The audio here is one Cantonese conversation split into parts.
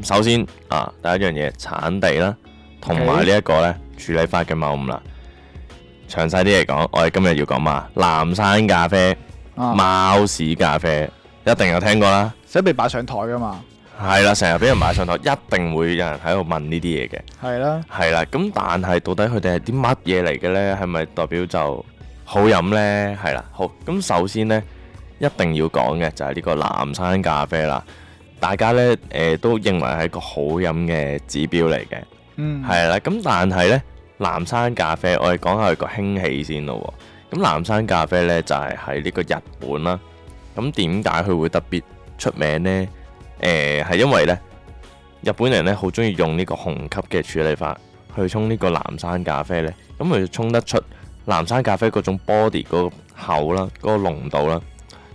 首先啊，第一樣嘢產地啦，同埋呢一個呢處理法嘅謬誤啦。詳細啲嚟講，我哋今日要講嘛，藍山咖啡、啊、貓屎咖啡，一定有聽過啦，使日被擺上台噶嘛。係啦，成日俾人擺上台， 一定會有人喺度問呢啲嘢嘅。係啦，係啦。咁但係到底佢哋係啲乜嘢嚟嘅呢？係咪代表就好飲呢？係啦，好。咁首先呢，一定要講嘅就係呢個藍山咖啡啦。大家咧，誒、呃、都認為係一個好飲嘅指標嚟嘅，係啦、嗯。咁但係呢，藍山咖啡，我哋講下佢個興起先咯。咁藍山咖啡呢，就係喺呢個日本啦。咁點解佢會特別出名呢？誒、呃、係因為呢，日本人呢好中意用呢個虹吸嘅處理法去沖呢個藍山咖啡呢。咁佢沖得出藍山咖啡嗰種 body 嗰個厚啦，嗰、嗰個濃度啦，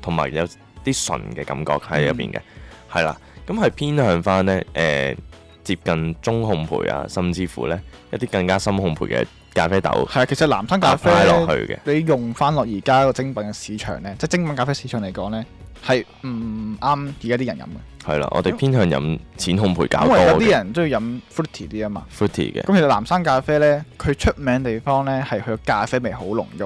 同埋有啲醇嘅感覺喺入邊嘅。嗯。係啦，咁係偏向翻咧，誒，接近中烘焙啊，甚至乎咧一啲更加深烘焙嘅咖啡豆。係啊，其實藍山咖啡落去嘅，嗯、你用翻落而家個精品嘅市場咧，即係精品咖啡市場嚟講咧，係唔啱而家啲人飲嘅。係啦，我哋偏向飲淺烘焙咖啡。因為有啲人中意飲 fruity 啲啊嘛。fruity 嘅。咁其實藍山咖啡咧，佢出名地方咧係佢個咖啡味好濃郁。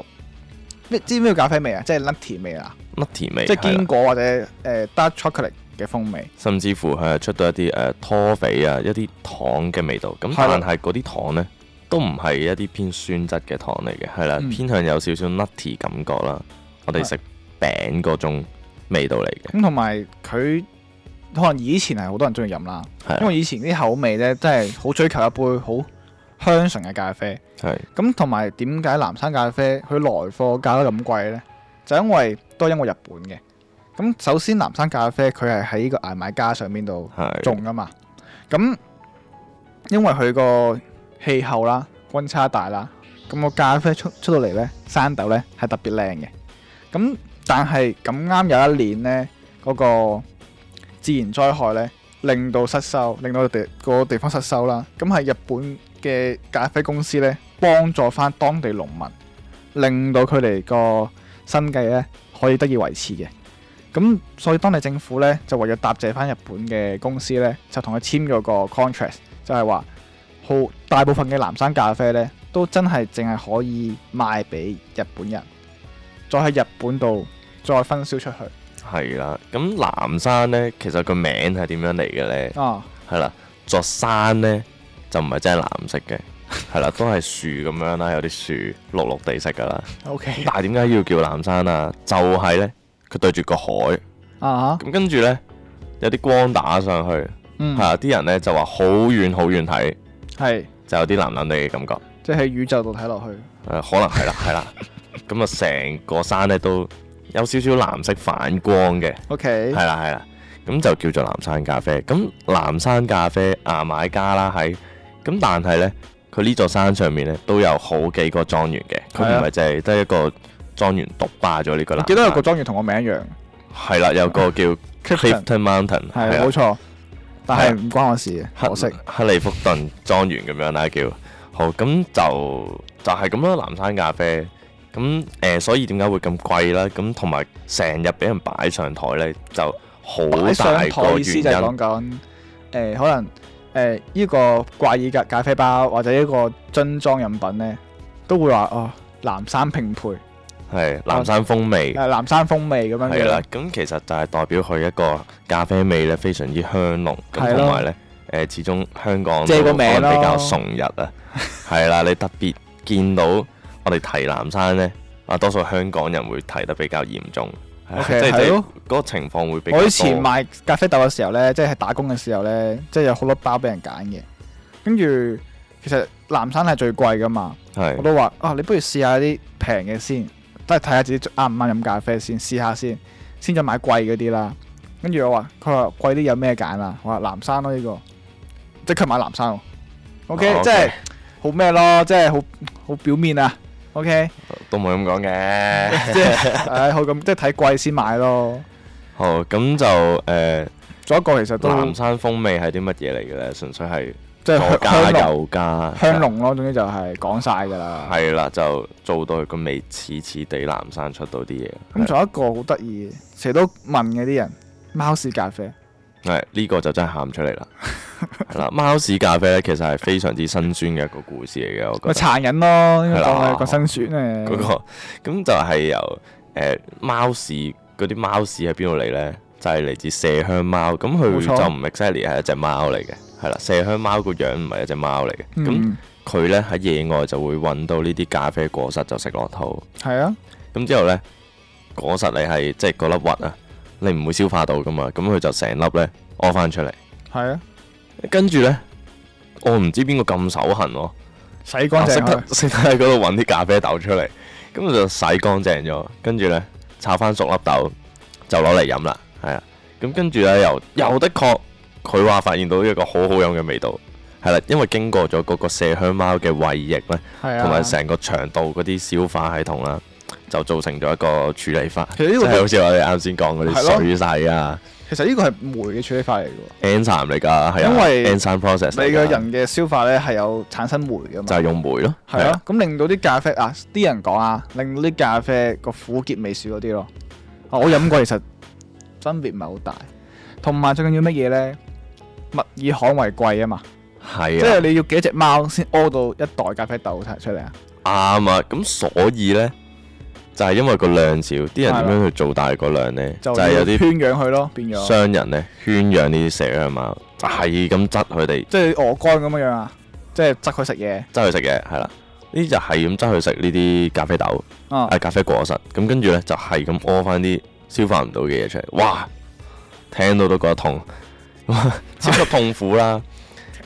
咩？知唔知咖啡味啊？即係 nutty 味啊 nutty 味。即係堅果或者誒 dark chocolate。嘅風味，甚至乎係、啊、出到一啲誒拖肥啊，一啲糖嘅味道。咁的但係嗰啲糖呢，都唔係一啲偏酸質嘅糖嚟嘅，係啦，嗯、偏向有少少 nutty 感覺啦。我哋食餅嗰種味道嚟嘅。咁同埋佢可能以前係好多人中意飲啦，的因為以前啲口味呢，真係好追求一杯好香醇嘅咖啡。係。咁同埋點解藍山咖啡佢來貨價都咁貴呢？就因為都係因為日本嘅。咁首先，藍山咖啡佢係喺呢個牙買加上邊度種噶嘛。咁因為佢個氣候啦，溫差大啦，咁個咖啡出出到嚟咧，山豆咧係特別靚嘅。咁但係咁啱有一年咧，嗰個自然災害咧令到失收，令到地個地方失收啦。咁係日本嘅咖啡公司咧，幫助翻當地農民，令到佢哋個生計咧可以得以維持嘅。咁所以當地政府咧就為咗答謝翻日本嘅公司咧，就同佢簽咗個 contract 就係話好大部分嘅藍山咖啡咧都真係淨係可以賣俾日本人，再喺日本度再分銷出去。係啦、啊，咁藍山咧其實個名係點樣嚟嘅咧？哦，係啦、啊，座山咧就唔係真係藍色嘅，係啦、啊、都係樹咁樣啦，有啲樹綠綠地色噶啦。OK，但係點解要叫藍山啊？就係、是、咧。佢對住個海，啊咁跟住呢，有啲光打上去，嚇啲、嗯啊、人呢就話好遠好遠睇，係是就有啲藍藍哋嘅感覺，即係喺宇宙度睇落去、啊，可能係啦，係啦，咁啊成個山呢都有少少藍色反光嘅，OK，係啦係啦，咁就叫做藍山咖啡。咁藍山咖啡牙買加啦喺，咁但係呢，佢呢座山上面呢都有好幾個莊園嘅，佢唔係淨係得一個。莊園獨霸咗呢個啦，我記得有個莊園同我名一樣，係、嗯、啦，有個叫 Clifton Mountain，係冇錯，但係唔關我事嘅，黑色哈，我認 哈利福頓莊園咁樣啦叫，好，咁就就係、是、咁啦。藍山咖啡，咁誒、呃，所以點解會咁貴啦？咁同埋成日俾人擺上台咧，就好意大個原因。誒、呃，可能誒呢、呃這個怪異嘅咖啡包或者個飲呢個樽裝飲品咧，都會話哦，藍山拼配。係藍山風味，係、啊、藍山風味咁樣嘅。係啦，咁其實就係代表佢一個咖啡味咧，非常之香濃咁。同埋咧，誒、呃，始終香港都比較崇日啊。係啦， 你特別見到我哋提藍山咧，啊，多數香港人會提得比較嚴重。O K，係嗰個情況會比。的的我以前賣咖啡豆嘅時候咧，即係喺打工嘅時候咧，即、就、係、是、有好多包俾人揀嘅。跟住，其實藍山係最貴噶嘛。係的，我都話啊，你不如試下啲平嘅先。睇下自己啱唔啱飲咖啡先，試下先，先再買貴嗰啲啦。跟住我話，佢話貴啲有咩揀，這個、啊？我話藍山咯，呢個即刻買藍山。O K，即係好咩咯？即係好好表面啊。O、okay? K，都冇咁講嘅。即唉，好咁，即係睇貴先買咯。好，咁就誒，仲、呃、一個其實藍山風味係啲乜嘢嚟嘅咧？純粹係。左加右加，香濃咯，是的 總之就係講晒噶啦。係啦，就做到佢未，次次地藍山出到啲嘢。咁仲有一個好得意，成日都問嘅啲人，貓屎咖啡。係呢、這個就真係喊出嚟啦。係啦， 貓屎咖啡咧，其實係非常之辛酸嘅一個故事嚟嘅。我殘 忍咯，應該個辛酸誒、啊。嗰、那個咁、那個、就係由誒貓屎嗰啲貓屎喺邊度嚟咧？就係、是、嚟自麝香貓。咁佢就唔 exactly 係一隻貓嚟嘅。沒錯 係啦，麝香貓個樣唔係一隻貓嚟嘅，咁佢咧喺野外就會搵到呢啲咖啡果實就食落肚。係啊、嗯，咁之後咧，果實你係即係嗰粒核啊，你唔會消化到噶嘛，咁佢就成粒咧屙翻出嚟。係啊，跟住咧，我、哦、唔知邊個咁手痕咯、啊，洗乾淨，識得喺嗰度搵啲咖啡豆出嚟，咁佢就洗乾淨咗，跟住咧，炒翻熟粒豆就攞嚟飲啦。係啊，咁、嗯、跟住咧又又的確。佢話發現到一個好好飲嘅味道，係啦，因為經過咗嗰個麝香貓嘅胃液咧，同埋成個腸道嗰啲消化系統啦，就造成咗一個處理法。其實呢個就好似我哋啱先講嗰啲水洗啊。其實呢個係酶嘅處理法嚟㗎。Enzym 嚟㗎，係啊。因為你個人嘅消化咧係有產生酶㗎嘛。就係用酶咯。係啊。咁令到啲咖啡啊，啲人講啊，令到啲咖啡個苦澀味少嗰啲咯。 我飲過，其實分別唔係好大。同埋最緊要乜嘢咧？物以罕為貴啊嘛，係啊，即係你要幾多隻貓先屙到一袋咖啡豆出嚟啊？啱啊，咁所以咧就係、是、因為個量少，啲人點樣去做大個量咧？就係有啲圈養佢咯，變咗商人咧圈養呢啲食嘅貓，就係咁執佢哋，即係鵝肝咁樣樣啊？即係執佢食嘢，執佢食嘢係啦，呢啲就係咁執佢食呢啲咖啡豆啊，咖啡果實，咁跟住咧就係咁屙翻啲消化唔到嘅嘢出嚟，哇！聽到都覺得痛，痛。超 級痛苦啦，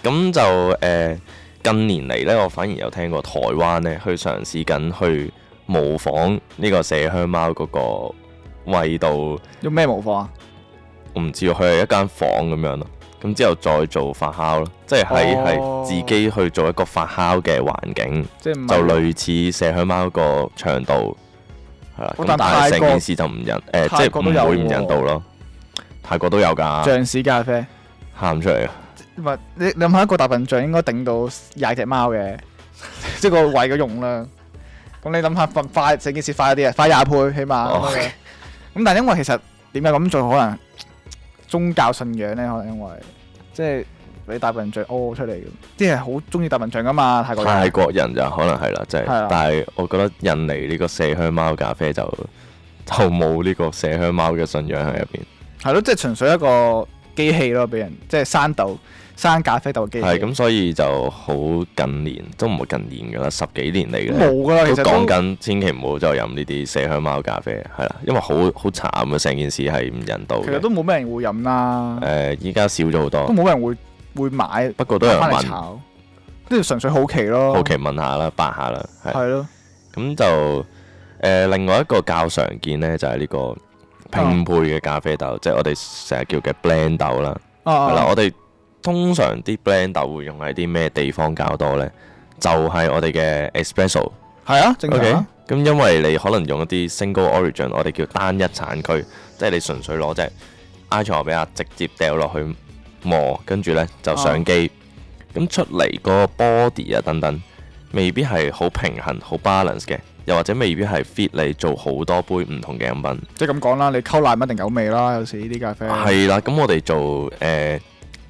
咁 就誒、呃，近年嚟咧，我反而有聽過台灣咧去嘗試緊去模仿呢個麝香貓嗰個味道。用咩模仿啊？我唔知佢係一間房咁樣咯，咁之後再做發酵咯，即係係係自己去做一個發酵嘅環境，oh. 就類似麝香貓個長度係啦。咁、哦嗯、但係成件事就唔人誒，即係唔會唔人道咯。泰國，呃、泰國都有噶，像、啊、是咖啡。喊出嚟啊！ 你你諗下一個大笨象應該頂到廿隻貓嘅，即係個胃嘅容量。咁你諗下快，成件事快啲啊，快廿倍起碼咁。Oh. 但係因為其實點解咁做可能宗教信仰咧？可能因為即係你大笨象屙出嚟，即係好中意大笨象，噶嘛？泰國泰國人就可能係啦，即係、嗯。真了但係我覺得印尼呢個麝香貓咖啡就就冇呢個麝香貓嘅信仰喺入邊。係咯，即係純粹一個。機器咯，俾人即係生豆、生咖啡豆機器。係咁，所以就好近年都唔會近年噶啦，十幾年嚟嘅。冇噶啦，其實講緊千祈唔好再飲呢啲麝香貓咖啡，係啦，因為好好慘啊！成件事係唔人道。其實都冇咩人會飲啦。誒，依家少咗好多。都冇人會會買，不過都有人問炒，即係純粹好奇咯。好奇問下啦，八下啦，係。係咯，咁就誒，另外一個較常見咧，就係呢個。拼配嘅咖啡豆，oh. 即係我哋成日叫嘅 blend 豆啦。嗱、oh.，我哋通常啲 blend 豆會用喺啲咩地方較多呢？就係、是、我哋嘅 espresso。係啊，正確。咁因為你可能用一啲 single origin，我哋叫單一產區，即係你純粹攞隻埃塞俄比亞直接掉落去磨，跟住呢就上機，咁、oh. 出嚟個 body 啊等等，未必係好平衡、好 balance 嘅。又或者未必係 fit 你做好多杯唔同嘅飲品，即係咁講啦，你溝奶一定有味啦，有時呢啲咖啡。係啦，咁我哋做誒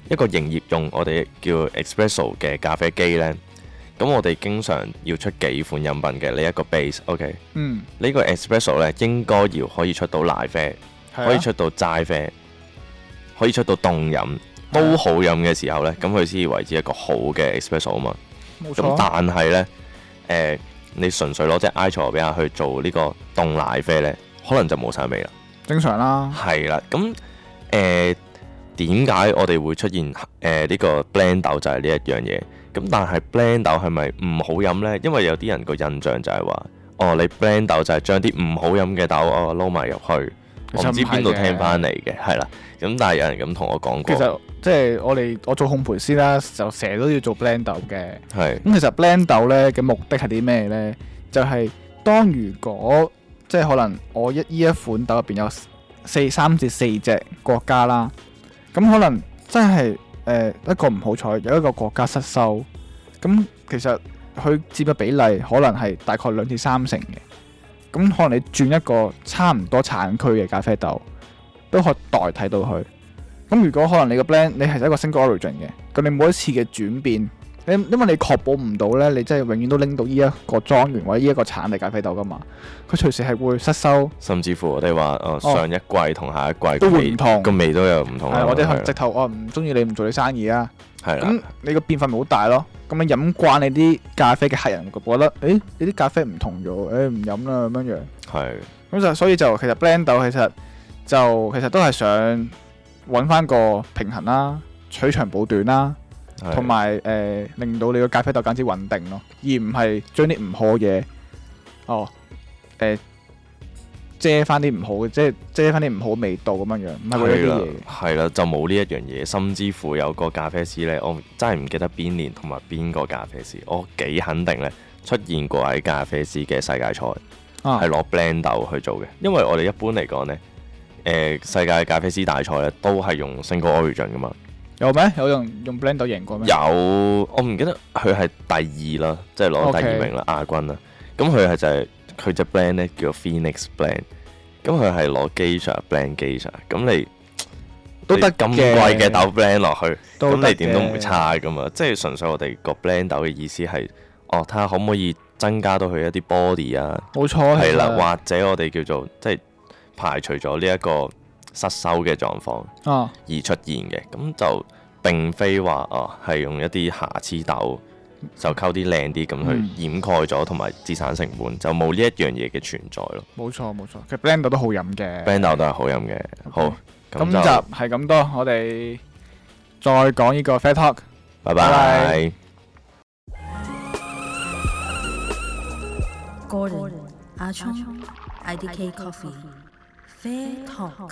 一個營業用，我哋叫 espresso 嘅咖啡機咧，咁我哋經常要出幾款飲品嘅呢一個 base，OK？嗯。呢個 espresso 咧應該要可以出到奶啡，可以出到齋啡，可以出到凍飲都好飲嘅時候咧，咁佢先至為之一個好嘅 espresso 啊嘛。冇錯。咁但係咧誒？你純粹攞隻埃塞俄比亞去做呢個凍奶啡呢，可能就冇晒味啦。正常啦。係啦，咁誒點解我哋會出現誒呢、呃呢個 blend 豆就係呢一樣嘢？咁但係 blend 豆係咪唔好飲呢？因為有啲人個印象就係話，哦，你 blend 豆就係將啲唔好飲嘅豆啊撈埋入去。我唔知邊度聽翻嚟嘅，係啦，咁但係有人咁同我講過。其實即係我哋我做烘焙師啦，就成日都要做 blend 豆嘅。係咁的，其實 blend 豆咧嘅目的係啲咩咧？就係、是、當如果即係可能我一依一款豆入邊有四三至四隻國家啦，咁可能真係誒、呃、一個唔好彩有一個國家失收，咁其實佢佔嘅比例可能係大概兩至三成嘅。咁可能你轉一個差唔多產區嘅咖啡豆，都可以代替到佢。咁如果可能你個 blend 你係一個 single origin 嘅，咁你每一次嘅轉變。因因為你確保唔到咧，你真係永遠都拎到呢一個莊園或者呢一個產地咖啡豆㗎嘛，佢隨時係會失收，甚至乎我哋話，哦、上一季同下一季都會唔同，個味都有唔同。我哋直頭，我唔中意你，唔做你生意啊。係咁的你個變化咪好大咯。咁你飲慣你啲咖啡嘅客人覺得，誒、欸、你啲咖啡唔同咗，誒唔飲啦咁樣樣。係的，咁就所以就其實 blend 豆其實就其實都係想揾翻個平衡啦，取長補短啦。同埋誒，令到你個咖啡豆簡直穩定咯，而唔係將啲唔好嘢，哦，誒、呃，遮翻啲唔好，即係遮翻啲唔好味道咁樣樣，唔係嗰啲嘢。係啦，就冇呢一樣嘢，甚至乎有個咖啡師咧，我真係唔記得邊年同埋邊個咖啡師，我幾肯定咧出現過喺咖啡師嘅世界賽，係攞、啊、blend 豆去做嘅，因為我哋一般嚟講咧，誒、呃、世界咖啡師大賽咧都係用 single origin 噶嘛。有咩？有用用 blend 豆贏過咩？有，我唔記得佢係第二啦，即係攞第二名啦，亞 Okay. 軍啦。咁佢係就係佢隻 blend 咧叫 Phoenix blend Bl。咁佢係攞 Geisha blend Geisha。咁你都得咁貴嘅豆 blend 落去，咁可你點都唔會差噶嘛？即係純粹我哋個 blend 豆嘅意思係，哦，睇下可唔可以增加到佢一啲 body 啊？冇錯，係啦，或者我哋叫做即係排除咗呢一個.失收嘅狀況而出現嘅，咁、啊、就並非話哦係用一啲瑕疵豆就溝啲靚啲咁去掩蓋咗，同埋資產成本就冇呢一樣嘢嘅存在咯。冇錯冇錯，其實 blend 都好飲嘅，blend 都係好飲嘅。嗯、好，咁就係咁多，我哋再講呢個 fair talk，拜拜。Gordon 阿聰 IDK Coffee Fair Talk。